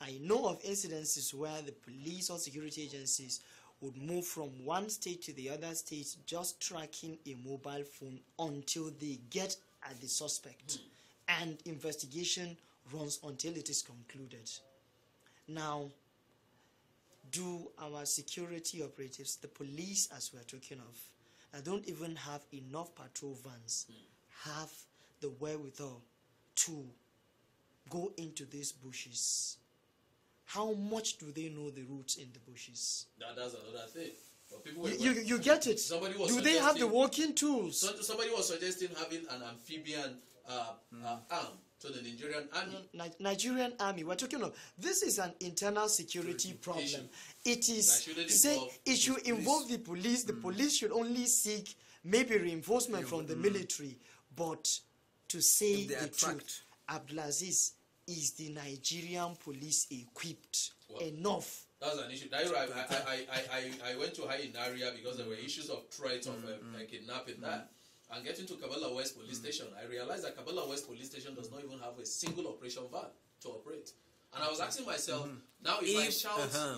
[SPEAKER 3] I know of incidences where the police or security agencies would move from one state to the other state just tracking a mobile phone until they get at the suspect and investigation runs until it is concluded. Now, do our security operatives, the police as we're talking of, I don't even have enough patrol vans, have the wherewithal to go into these bushes how much do they know the roots in the bushes?
[SPEAKER 1] That, that's another thing. you, you, you, get it. Somebody was do they have the working tools? Somebody was suggesting having an amphibian uh, mm. uh, arm to the Nigerian army.
[SPEAKER 3] Ni Nigerian army. We're talking of this is an internal security problem. It is say it should involve the police. The mm. police should only seek maybe reinforcement yeah, from the mm. military, but to say the truth, Abdulaziz is the Nigerian police equipped what? enough?
[SPEAKER 1] That's an issue. I, I, I, I, went to high in area because there were mm. issues of threats of mm, um, uh, kidnapping that. And getting to Kabbalah West Police Station, I realized that Kabbalah West Police Station does not even have a single operation van to operate. And I was asking myself, now if, if I shout uh-huh.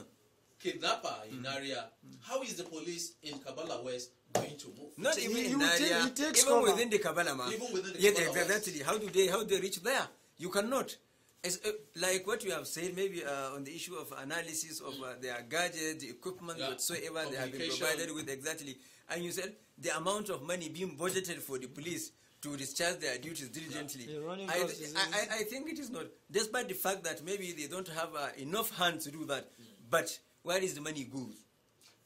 [SPEAKER 1] kidnapper in area, how is the police in Kabbalah West going to move? Not even in area, even within the
[SPEAKER 2] Kabbalah, man. Even within the Yeah, exactly. How do they how do they reach there? You cannot uh, like what you have said, maybe uh, on the issue of analysis of uh, their gadgets, the equipment, yeah. whatsoever they have been provided with exactly. And you said the amount of money being budgeted for the police to discharge their duties diligently. Yeah. I, th I, I, think it is not, despite the fact that maybe they don't have uh, enough hands to do that, mm. but where is the money going?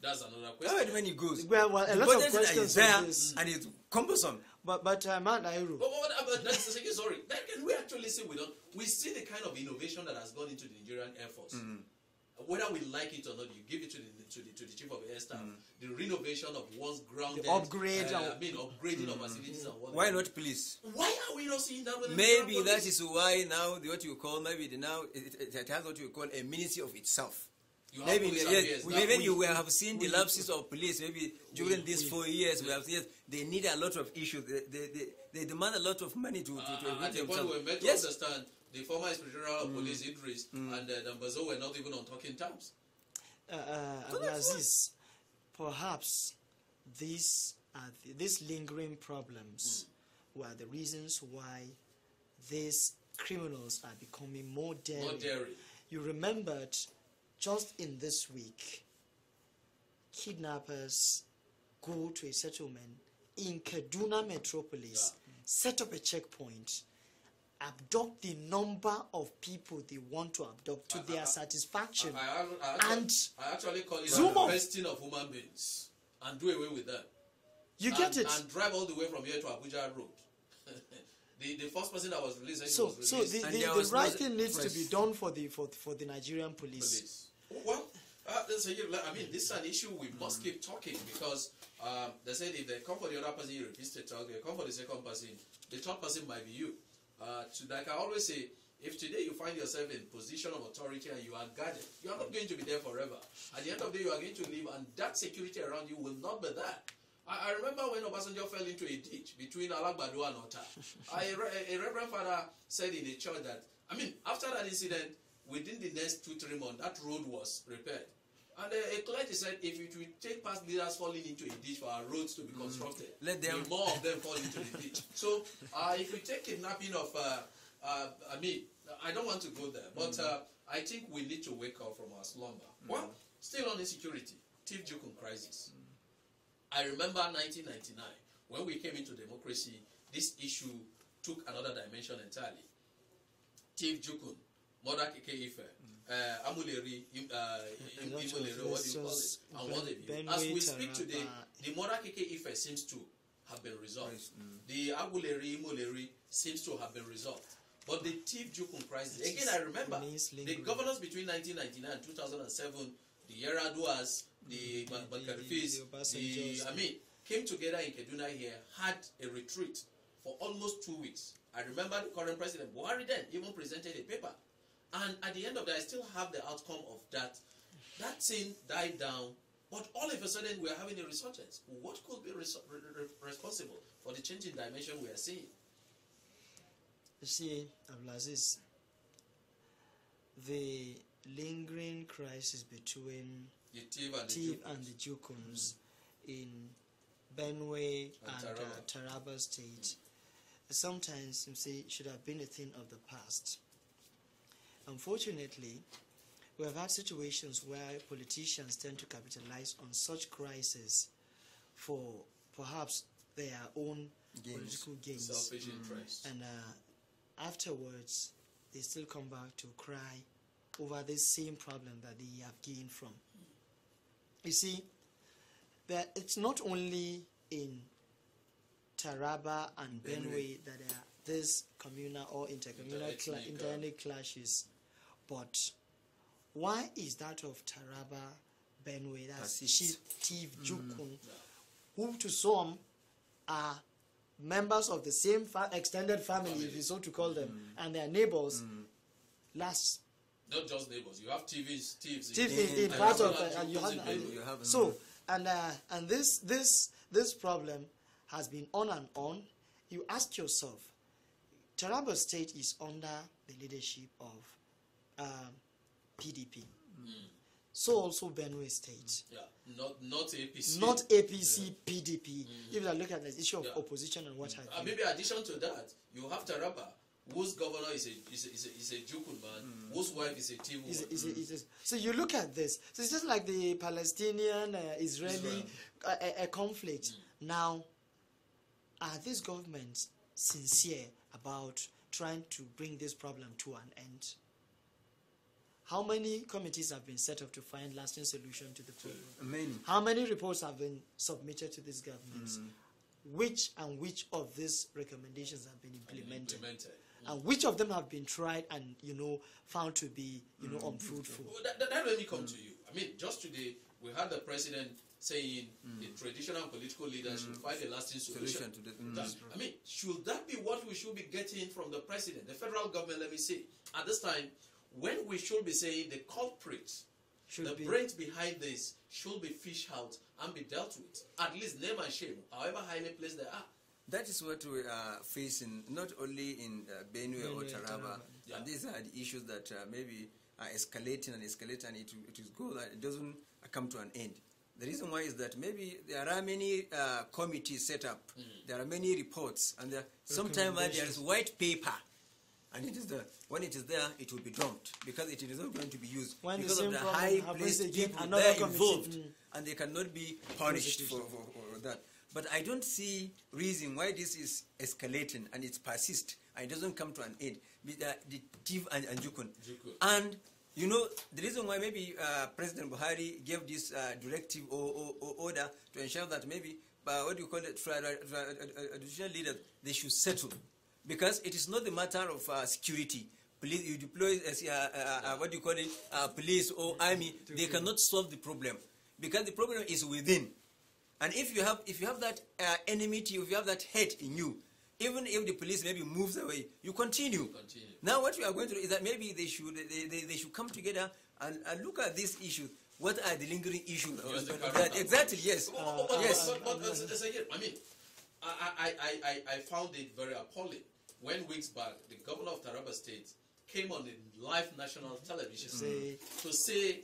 [SPEAKER 1] That's another question. Even when it goes, well, well a lot of questions there, and
[SPEAKER 2] it's cumbersome. But but uh, man, I but, but
[SPEAKER 1] what about that's the second story? That can we actually see we don't we see the kind of innovation that has gone into the Nigerian Air Force. Mm -hmm. Whether we like it or not, you give it to the to the, to the chief of
[SPEAKER 2] air staff. Mm -hmm. The renovation of once grounded, the upgrade, uh, I mean, upgrading mm -hmm. of mm-hmm. facilities and Why not, please?
[SPEAKER 1] Why are we not seeing that? Maybe that
[SPEAKER 2] is why now the, what you call maybe the, now it, it, it has what you call a ministry of itself you maybe yes, maybe, maybe you will have seen the lapses of police. Maybe during these four years, we, have seen they need a lot of issues. They, they, they, they demand a lot of money to, to, to uh, ah, At the point we met yes. to
[SPEAKER 1] understand, the former inspector of mm. police Idris mm. and uh, Dambazo were not even on talking terms.
[SPEAKER 2] Uh, uh, Aziz,
[SPEAKER 3] perhaps these are the, these lingering problems mm. were the reasons why these criminals are becoming more daring. More daring. You remembered just in this week, kidnappers go to a settlement in Kaduna metropolis, yeah. set up a checkpoint, abduct the number of people they want to abduct to I, their I, satisfaction, I, and
[SPEAKER 1] I actually call it the vesting of human beings and do away with them. You and, get it? And drive all the way from here to Abuja Road. [LAUGHS] The, the first person that was released. So, was released. so the, the, the right thing
[SPEAKER 3] needs press. to be done for the for, for the Nigerian police. police.
[SPEAKER 1] Well, uh, so you, I mean, this is an issue we must mm keep talking because um, they said if they come for the other person, you refuse to talk. They come for the second person, the third person might be you. Uh, to, like I always say, if today you find yourself in position of authority and you are guarded, you are not going to be there forever. At the end of the day, you are going to leave, and that security around you will not be there. I, remember when Obasanjo fell into a ditch between Alagbado and Ota. [LAUGHS] a, a, reverend father said in a church that, I mean, after that incident, within the next two, three months, that road was repaired. And uh, a client said, if it will take past leaders falling into a ditch for our roads to be mm. constructed, mm. let them more of them fall into the ditch. [LAUGHS] So uh, if we take kidnapping of, uh, uh, I mean, I don't want to go there, but mm. uh, I think we need to wake up from our slumber. Mm. Well, still on insecurity, Steve Jukun crisis. Mm. I remember 1999 when we came into democracy, this issue took another dimension entirely. Steve Jukun mother keke ife amuleri imuleri what do you call it and what as we speak today the mother keke ife seems to have been resolved mm. the aguleri imuleri seems to have been resolved but the thief joke crisis again I remember the governors between 1999 and 2007 the Yeraduas the mm. Bankarifis the, the, the I mean came together in Kaduna here had a retreat for almost two weeks I remember the current president Buhari then even presented a paper and at the end of that, I still have the outcome of that. That thing died down, but all of a sudden we are having a resurgence. What could be responsible for the changing dimension we are seeing?
[SPEAKER 3] You see, Abdulaziz, the lingering crisis between the Tiv and, the, Jukuns the Jukums mm. in Benue and, and Taraba. Uh, Taraba. State mm. sometimes, you see, should have been a thing of the past Unfortunately, we have had situations where politicians tend to capitalize on such crises for perhaps their own political gains. Selfish mm. interests. And uh, afterwards, they still come back to cry over this same problem that they have gained from. You see, that it's not only in Taraba and Benue, Benue that there are these communal or intercommunal cla- uh, clashes. But why is that of Taraba, Benue, that's Chief mm. Jukun, who to some are members of the same fa- extended family, family, if you so to call them, mm. and their neighbors, mm. last
[SPEAKER 1] not just neighbors. You have TVs, thieves. Thieves in, in part of, uh, and you have, and uh, you have so
[SPEAKER 3] and uh, and this this this problem has been on and on. You ask yourself, Taraba State is under the leadership of um, PDP. Mm. So also Benue State.
[SPEAKER 1] Hmm. Yeah, not not APC. Not
[SPEAKER 3] APC, yeah. PDP. Mm. If you look at the issue of yeah. opposition and what hmm. have uh, Maybe
[SPEAKER 1] addition to that, you have Taraba, whose governor is a is a, is a, is a Jukun man, mm. whose wife is a Timu. Is, is, mm. is,
[SPEAKER 3] so you look at this. So it's just like the Palestinian uh, Israeli Israel. uh, a, a conflict. Hmm. Now, are these governments sincere about trying to bring this problem to an end? How many committees have been set up to find lasting solution to the problem? Many. How many reports have been submitted to this government? Mm. Which and which of these recommendations have been implemented? implemented. Mm. And which of them have been tried and you know found to be you know mm. unfruitful? Well,
[SPEAKER 1] that, that, that, let me come to you. I mean, just today we had the president saying mm. the traditional political leaders mm. should find a lasting solution, solution to mm. that. Hmm. I mean, should that be what we should be getting from the president, the federal government? Let me say at this time, when we should be saying the culprits, should the be. brains behind this should be fished out and be dealt with, at least name and shame, however highly placed they are.
[SPEAKER 2] That is what we are facing, not only in uh, Benue, or Taraba. Yeah. And these are the issues that uh, maybe are escalating and escalating, and it, it is good that it doesn't come to an end. The reason why is that maybe there are many uh, committees set up, mm. there are many reports, and there, sometimes there is white paper, and it is there. When it is there, it will be dumped because it is not going to be used when because the of the high placed people there involved, mm. and they cannot be punished for, for, for, that. But I don't see reason why this is escalating and it persists and it doesn't come to an end. Uh, the, the TIV and, and Jukun. And you know, the reason why maybe uh, President Buhari gave this uh, directive or, or, or, order to ensure that maybe, uh, what do you call it, traditional uh, uh, leaders, they should settle. Because it is not the matter of uh, security. Police, you deploy, uh, what do you call it, police or army, they cannot solve the problem. Because the problem is within. And if you have, if you have that enmity, if you have that hate in you, even if the police maybe moves away, you continue. continue. Now what we are going to do is that maybe they should they, they, they should come together and, and look at these issues. What are the lingering issues? That, exactly, yes. yes. But, I mean, I, I, I, I found it
[SPEAKER 1] very appalling. When weeks back, the governor of Taraba State came on the live national television mm. to say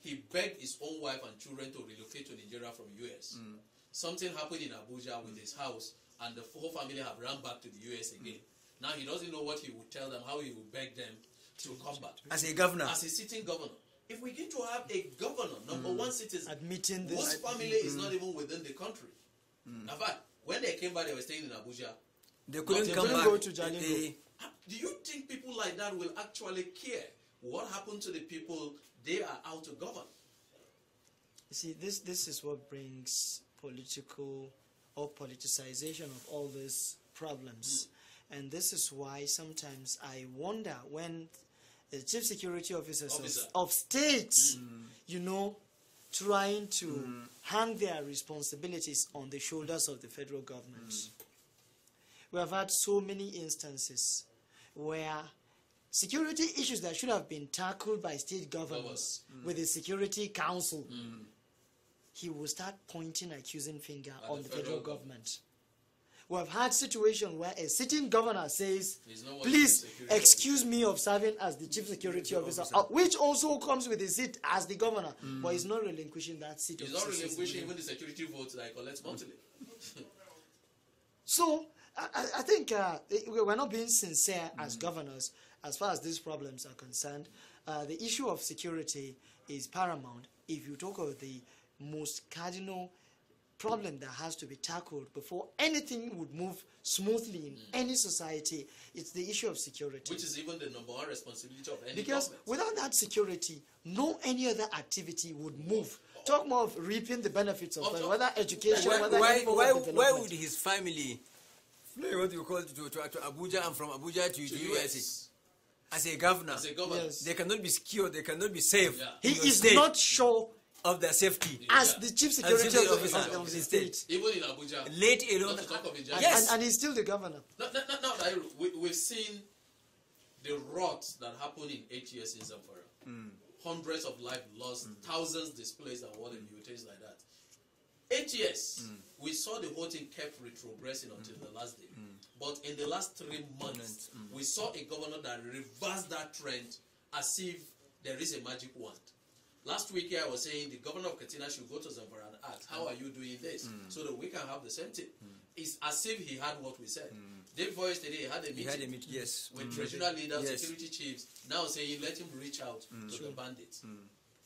[SPEAKER 1] he begged his own wife and children to relocate to Nigeria from US. Mm. Something happened in Abuja with mm. his house and the whole family have run back to the US again. Mm. Now he doesn't know what he would tell them, how he would beg them to come back. As a governor. As a sitting governor. If we get to have a governor, number mm. one citizen, admitting this, whose family is mm. not even within the country. Mm. In fact, when they came back, they were staying in Abuja. They couldn't come back. Go to Jalingo. They, do you think people like that will actually care what happened to the people they are out to govern? You see, this this is
[SPEAKER 3] what brings political or politicization of all these problems. Mm. And this is why sometimes I wonder when the chief security officers Officer. of, of states, mm. you know, trying to mm. hang their responsibilities on the shoulders of the federal government. Mm. We have had so many instances where security issues that should have been tackled by state governors mm. with the Security Council hmm he will start pointing accusing finger on the, federal, federal government. government. We have had situation where a sitting governor says, please excuse me of serving as the chief security officer, officer. Uh, which also comes with the seat as the governor, mm. but he's not relinquishing that seat. He's not relinquishing even
[SPEAKER 1] the security vote like Olet monthly. [LAUGHS]
[SPEAKER 3] so, I, I think uh, we're not being sincere mm. as mm-hmm. governors as far as these problems are concerned. Uh, the issue of security is paramount if you talk of the most cardinal problem that has to be tackled before anything would move smoothly in mm. any society. It's the issue of security. Which is
[SPEAKER 1] even the number one responsibility of any Because government.
[SPEAKER 3] without that security, no any other activity would move. Oh. Talk more of reaping the benefits of, oh, whether education, why, whether why, why, why would
[SPEAKER 2] his family fly what you call to, to, to Abuja and from Abuja to, to the US? US as a governor, as a governor. Yes. they cannot be secure, they cannot be safe. Yeah. He is state. not sure of their safety yeah. as the chief security, officer, officer, of, the state.
[SPEAKER 1] state. Even in Abuja. Late alone. To talk of Abuja. Yes. And, and,
[SPEAKER 3] he's still the governor.
[SPEAKER 1] No, no, no, we, we've seen the rot that happened in eight years in Zamfara. Mm. Hundreds of lives lost, mm. thousands displaced and what hmm. the mutations like that. Eight years, mm. we saw the whole thing kept retrogressing until hmm. the last day. Hmm. But in the last three months, we saw a governor that reversed that trend as if there is a magic wand. Last week I was saying the governor of Katina should go to Zamfara and ask, how mm. are you doing this? Mm. So that we can have the same thing. Mm. It's as if he had what we said. Mm. Day voiced today. he had a meeting, had a meet yes. with mm. regional leaders, yes. security chiefs, now saying let him reach out to mm. sure. the bandits. Mm.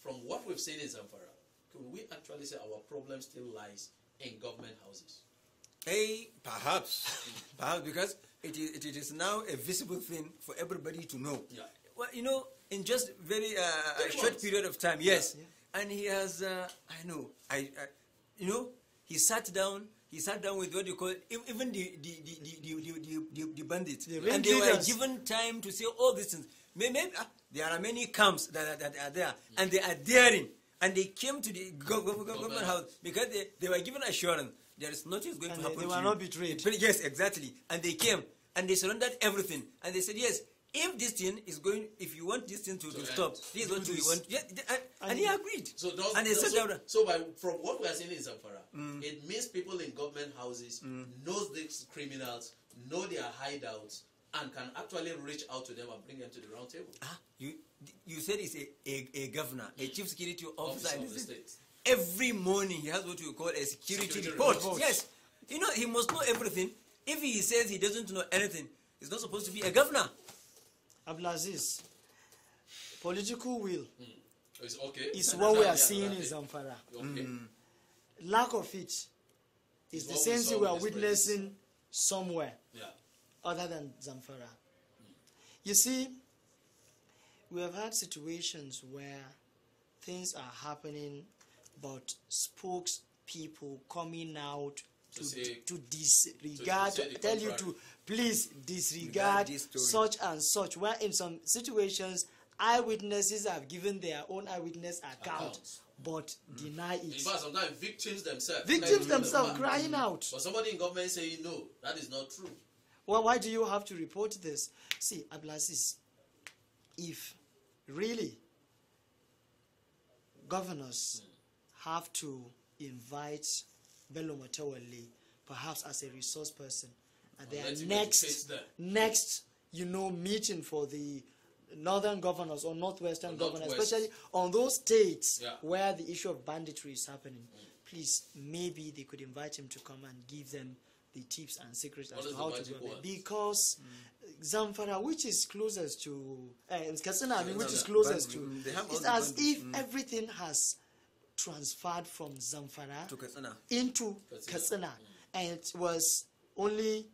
[SPEAKER 1] From what we've seen in Zamfara, can we actually say our problem still lies in government
[SPEAKER 2] houses? Hey, perhaps, [LAUGHS] perhaps because it is, it is now a visible thing for everybody to know. Yeah. Well, you know, in just very uh, short months. period of time. Yes, yeah, yeah. and he has. Uh, I know. I, I, you know, he sat down. He sat down with what you call even the the the the the, the, the, the bandits, the and they leaders. were given time to say all these things. Maybe, uh, ah, there are many camps that are, that are there, yeah. and they are daring, and they came to the government, government house because they, they were given assurance there is nothing going and to happen. They were not betrayed. Yes, exactly, and they came and they surrendered everything, and they said yes if this thing
[SPEAKER 1] is going, if you want this thing to, so to
[SPEAKER 2] stop, this is what you want. Yeah, and, and he agreed. So and so, so by,
[SPEAKER 1] from what we are seeing in Zamfara, mm. it means people in government houses mm. these criminals, know their hideouts, and can actually reach out to them and bring them to the round table. Ah,
[SPEAKER 2] you you said it's a, a, a governor, a chief security officer, of the state. Every morning he has what you call a security, security report. report. Yes, you know he must know everything. If he says he doesn't know anything, he's not supposed to be a governor. Abdulaziz, political will
[SPEAKER 1] mm. is okay. what we are seeing in Zamfara.
[SPEAKER 2] Okay. Mm.
[SPEAKER 3] Lack of it is it's the same thing we, are witnessing somewhere yeah. other than Zamfara. Mm. You see, we have had situations where things are happening, but spokespeople coming out to, to, say, to disregard, to tell you to please
[SPEAKER 1] disregard
[SPEAKER 3] such and such. Where in some situations, eyewitnesses have given their own eyewitness account. Accounts. But mm. deny it. In fact,
[SPEAKER 1] sometimes victims themselves. Victims themselves crying out. But somebody in government saying no, that is not true.
[SPEAKER 3] Well, why do you have to report this? See, Ablasis, if really governors mm. have to invite Bello perhaps as a resource person, the their next next you know meeting for the northern governors or northwestern or governors, especially on those states yeah. where the issue of banditry is happening. Mm. Please, maybe they could invite him to come and give them the tips and secrets what as to how to do it. Because mm. Zamfara, which is closest to uh, eh, Kasina, I mean, which is closest to, it's as if mm. everything has transferred from Zamfara into Katsina. Katsina. Mm. And it was only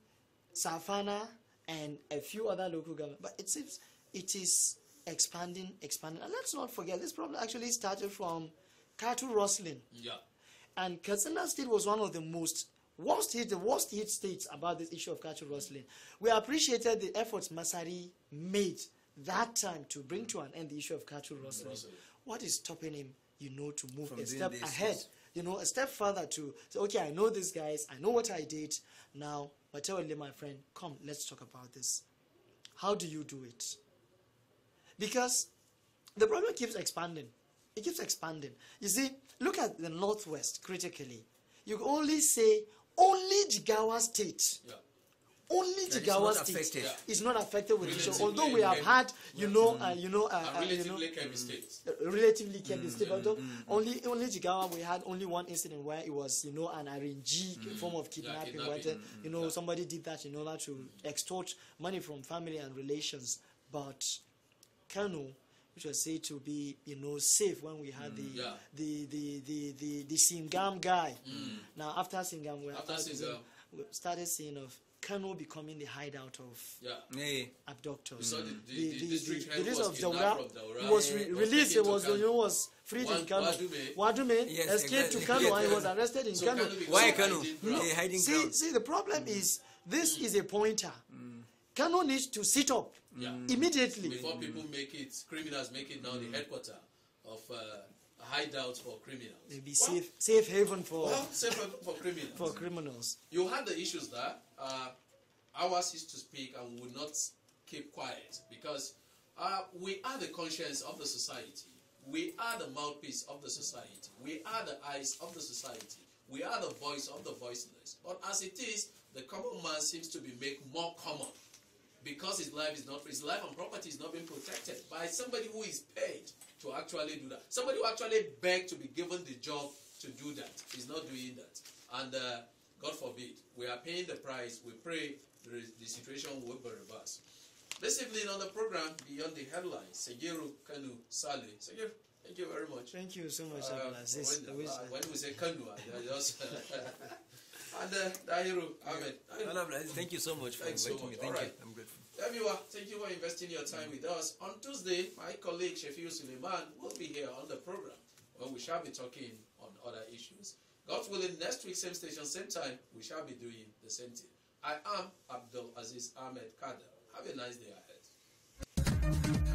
[SPEAKER 3] Safana, and a few other local government. But it seems it is expanding, expanding. And let's not forget, this problem actually started from cattle rustling. Yeah. And Katsina State was one of the most worst hit, the worst hit states about this issue of cattle rustling. We appreciated the efforts Masari made that time to bring to an end the issue of cattle rustling. What is stopping him, you know, to move from a step ahead? You know, a step further to say, okay, I know these guys, I know what I did. Now but tell me, my friend, come, let's talk about this. How do you do it? Because the problem keeps expanding. It keeps expanding. You see, look at the Northwest critically. You only say only Jigawa State. Yeah only Jigawa State affected. is not affected with relatively, Although we have had, you know, uh, you know, uh, uh, you know,
[SPEAKER 1] mm,
[SPEAKER 3] uh, relatively Kebbi State, but only only Jigawa we had only one incident where it was you know an RNG mm, form of kidnapping, yeah, kidnapping. Where, mm, you know somebody did that in order to extort money from family and relations, but Kano which was said to be you know safe when we had mm, the, yeah. the, the the the the Singam guy. Mm. Now after Singam, we after started, Singam. We started seeing of Kano becoming the hideout of yeah. abductors. So the, the, the, the, district the, the of Daura, Daura was re released. It was, was freed in Kano. Wadume, Wadume yes, escaped exactly. to Kano and was arrested in so Kano. Why Kano? No. See, see, the problem mm. is this mm. is a pointer. Mm. Kano needs to sit up yeah. immediately. Before people
[SPEAKER 1] make it, criminals make it now the mm. headquarters of uh, hideout for criminals.
[SPEAKER 3] It'd be well, safe, safe haven for, well, safe for criminals. For criminals.
[SPEAKER 1] You had the issues that uh, ours used to speak and would not keep quiet because uh, we are the conscience of the society. We are the mouthpiece of the society. We are the eyes of the society. We are the voice of the voiceless. But as it is, the common man seems to be made more common because his life is not his life and property is not being protected by somebody who is paid to actually do that. Somebody who actually begged to be given the job to do that is not doing that. And uh, God forbid, we are paying the price. We pray the, the situation will be reversed. This evening on the program, Beyond the Headlines, Segeru Kanu Sali. Segeru, thank you very much.
[SPEAKER 3] Thank you so much, uh, Abdulaziz. When, uh, when we say Kanu, just. [LAUGHS] [LAUGHS]
[SPEAKER 1] and uh, Dahiru Ahmed. Dahiru. Thank you so much for Thanks inviting so much. me. Thank All you. Right. I'm grateful. There Thank you for investing your time with us. On Tuesday, my colleague Yusuf Suleiman will be here on the program where we shall be talking on other issues. God willing, next week, same station, same time, we shall be doing the same thing. I am Abdul Aziz Ahmed Kader. Have a nice day ahead.